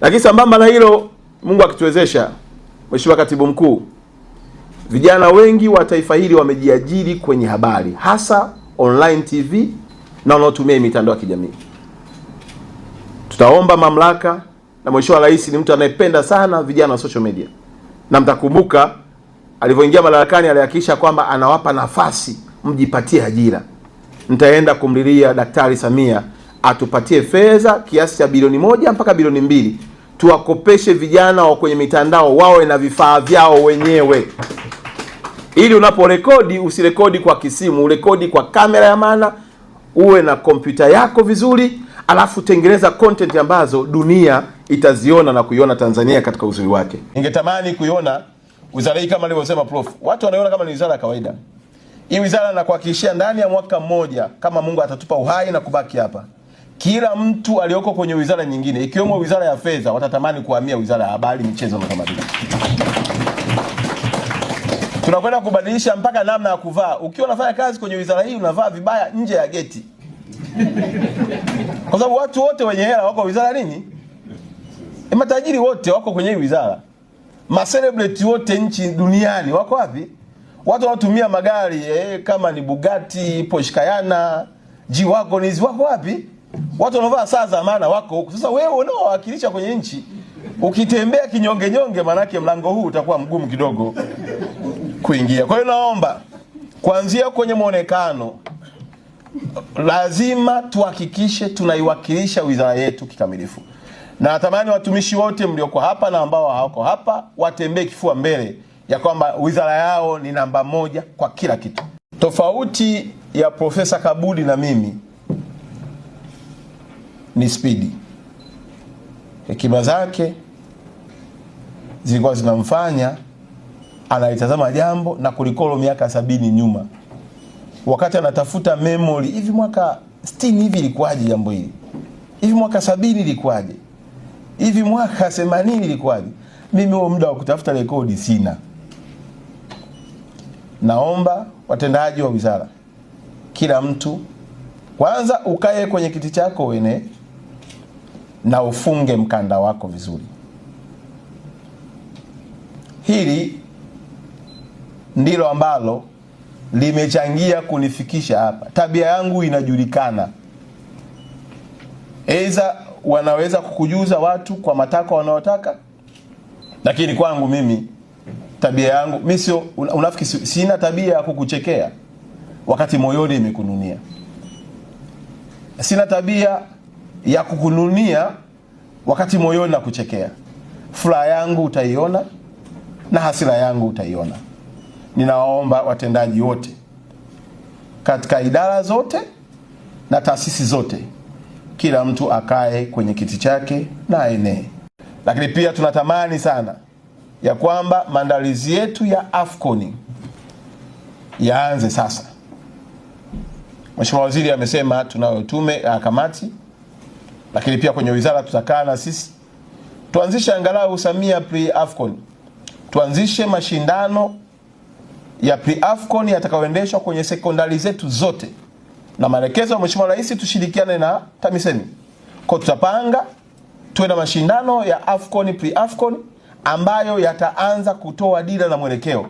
Lakini sambamba na hilo, Mungu akituwezesha, Mheshimiwa Katibu Mkuu, vijana wengi wa taifa hili wamejiajiri kwenye habari, hasa online TV na wanaotumia mitandao ya kijamii. Tutaomba mamlaka, na Mheshimiwa Rais ni mtu anayependa sana vijana wa social media, na mtakumbuka alivyoingia madarakani alihakikisha kwamba anawapa nafasi mjipatie ajira. Nitaenda kumlilia Daktari Samia atupatie fedha kiasi cha bilioni moja mpaka bilioni mbili tuwakopeshe vijana wa kwenye mitandao wawe na vifaa vyao wenyewe, ili unaporekodi usirekodi kwa kisimu, urekodi kwa kamera ya maana, uwe na kompyuta yako vizuri, alafu tengeneza content ambazo dunia itaziona na kuiona Tanzania katika uzuri wake. Ningetamani kuiona wizara hii kama alivyosema Prof, watu wanaiona kama ni wizara ya kawaida. Hii wizara kuhakikishia ndani ya mwaka mmoja, kama Mungu atatupa uhai na kubaki hapa kila mtu alioko kwenye wizara nyingine ikiwemo wizara ya fedha watatamani kuhamia wizara ya habari, michezo na tamaduni. Tunakwenda kubadilisha mpaka namna ya kuvaa. Ukiwa unafanya kazi kwenye wizara hii unavaa vibaya nje ya geti, kwa sababu watu wote wenye hela wako wizara nini? E, matajiri wote wako kwenye hii wizara, maselebrity wote nchi duniani wako wapi? Watu wanaotumia magari eh, kama ni bugati poshkayana jiwagonizi wako wapi? watu wanaovaa saa za maana wako huku. Sasa wewe unaowakilisha kwenye nchi ukitembea kinyonge nyonge, maanake mlango huu utakuwa mgumu kidogo kuingia. Kwa hiyo naomba kuanzia kwenye mwonekano, lazima tuhakikishe tunaiwakilisha wizara yetu kikamilifu, na natamani watumishi wote mlioko hapa na ambao hawako hapa watembee kifua mbele ya kwamba wizara yao ni namba moja kwa kila kitu. Tofauti ya Profesa Kabudi na mimi ni spidi. Hekima zake zilikuwa zinamfanya analitazama jambo na kulikolo miaka sabini nyuma, wakati anatafuta memori hivi mwaka stini hivi ilikuwaje jambo hili, hivi mwaka sabini ilikuwaje, hivi mwaka themanini ilikuwaje? Mimi huo muda wa kutafuta rekodi sina. Naomba watendaji wa wizara, kila mtu kwanza ukae kwenye kiti chako wene na ufunge mkanda wako vizuri. Hili ndilo ambalo limechangia kunifikisha hapa. Tabia yangu inajulikana, aidha wanaweza kukujuza watu kwa matakwa wanaotaka, lakini kwangu mimi tabia yangu mimi sio unafiki, sina tabia ya kukuchekea wakati moyoni imekununia, sina tabia ya kukununia wakati moyoni na kuchekea. Furaha yangu utaiona na hasira yangu utaiona. Ninawaomba watendaji wote katika idara zote na taasisi zote, kila mtu akae kwenye kiti chake na aenee. Lakini pia tunatamani sana ya kwamba maandalizi yetu ya AFCON yaanze sasa. Mheshimiwa Waziri amesema tunayo tume ya ah, kamati lakini pia kwenye wizara tutakaa na sisi tuanzishe angalau Samia pre Afcon, tuanzishe mashindano ya pre Afcon yatakayoendeshwa kwenye sekondari zetu zote, na maelekezo ya Mheshimiwa Rais tushirikiane na TAMISEMI kwa tutapanga tuwe na mashindano ya Afcon pre Afcon ambayo yataanza kutoa dira na mwelekeo,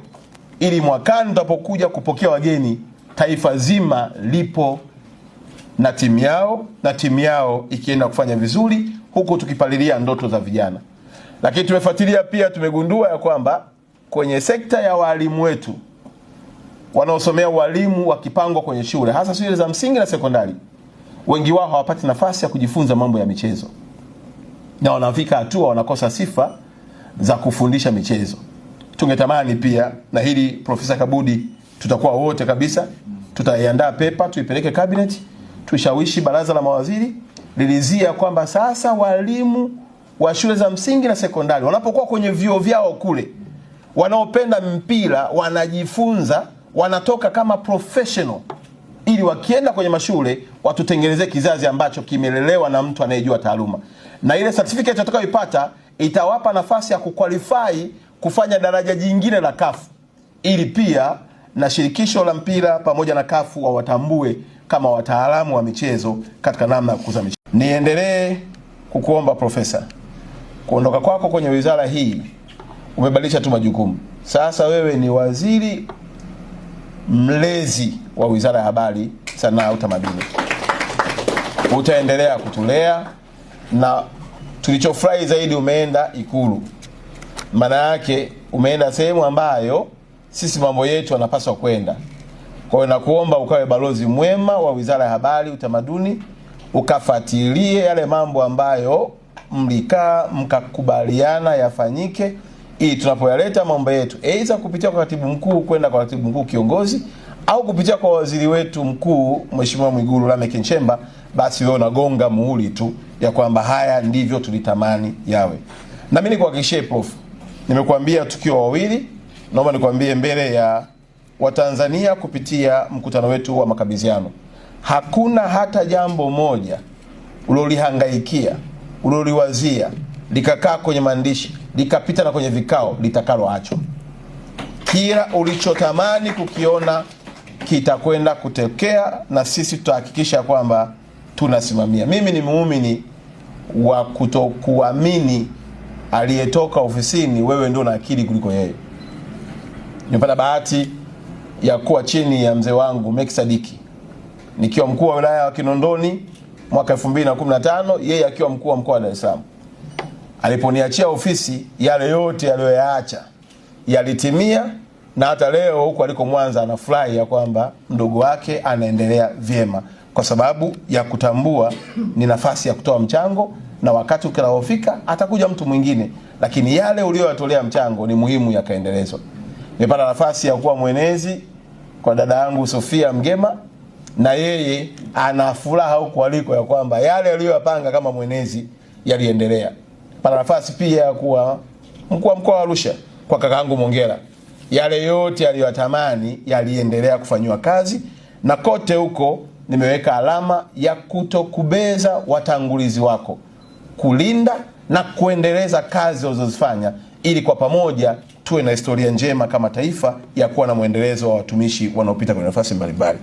ili mwakani tutapokuja kupokea wageni, taifa zima lipo na timu yao na timu yao ikienda kufanya vizuri, huku tukipalilia ndoto za vijana. Lakini tumefuatilia pia, tumegundua ya kwamba kwenye sekta ya walimu wetu wanaosomea walimu wakipangwa kwenye shule hasa shule za msingi na sekondari, wengi wao hawapati nafasi ya kujifunza mambo ya michezo, na wanafika hatua wanakosa sifa za kufundisha michezo. Tungetamani pia na hili Profesa Kabudi, tutakuwa wote kabisa, tutaiandaa pepa tuipeleke kabineti tushawishi baraza la mawaziri lilizia kwamba sasa walimu wa shule za msingi na sekondari wanapokuwa kwenye vyuo vyao kule, wanaopenda mpira wanajifunza, wanatoka kama professional, ili wakienda kwenye mashule watutengenezee kizazi ambacho kimelelewa na mtu anayejua taaluma, na ile certificate watakayoipata itawapa nafasi ya kuqualify kufanya daraja jingine la kafu ili pia na shirikisho la mpira pamoja na kafu wawatambue kama wataalamu wa michezo katika namna ya kukuza michezo. Niendelee kukuomba profesa, kuondoka kwako kwenye wizara hii umebadilisha tu majukumu. Sasa wewe ni waziri mlezi wa Wizara ya Habari, Sanaa, Utamaduni. Utaendelea kutulea na tulichofurahi zaidi, umeenda Ikulu. Maana yake umeenda sehemu ambayo sisi mambo yetu yanapaswa kwenda. Kwa hiyo nakuomba ukawe balozi mwema wa Wizara ya Habari, Utamaduni, ukafuatilie yale mambo ambayo mlikaa mkakubaliana yafanyike, ili tunapoyaleta mambo yetu aidha kupitia kwa katibu mkuu kwenda kwa katibu mkuu kiongozi au kupitia kwa waziri wetu mkuu Mheshimiwa Mwigulu Lameck Nchemba, basi wewe unagonga muhuri tu ya kwamba haya ndivyo tulitamani yawe. Na mimi nikuhakikishie prof, nimekuambia tukiwa wawili naomba nikwambie mbele ya Watanzania kupitia mkutano wetu wa makabiziano hakuna hata jambo moja uliolihangaikia ulioliwazia likakaa kwenye maandishi likapita na kwenye vikao litakaloachwa. Kila ulichotamani kukiona kitakwenda kutokea na sisi tutahakikisha kwamba tunasimamia. Mimi ni muumini wa kutokuamini aliyetoka ofisini, wewe ndio na akili kuliko yeye nimepata bahati ya kuwa chini ya mzee wangu mek Sadiki nikiwa mkuu wa wilaya wa Kinondoni mwaka 2015 yeye akiwa mkuu wa mkoa wa Dar es Salaam. Aliponiachia ofisi, yale yote aliyoyaacha yalitimia, na hata leo huko aliko Mwanza anafurahi ya kwamba mdogo wake anaendelea vyema, kwa sababu ya kutambua ni nafasi ya kutoa mchango, na wakati ukilaofika atakuja mtu mwingine, lakini yale uliyoyatolea mchango ni muhimu yakaendelezwa nimepata nafasi ya kuwa mwenezi kwa dada yangu Sofia Mgema, na yeye ana furaha huko aliko ya kwamba yale aliyoyapanga kama mwenezi yaliendelea. Pata nafasi pia ya kuwa mkuu wa mkoa wa Arusha kwa yangu Mongera, yale yote aliyoyatamani yaliendelea kufanyiwa kazi, na kote huko nimeweka alama ya kutokubeza watangulizi wako, kulinda na kuendeleza kazi walizozifanya ili kwa pamoja tuwe na historia njema kama taifa ya kuwa na mwendelezo wa watumishi wanaopita kwenye nafasi mbalimbali.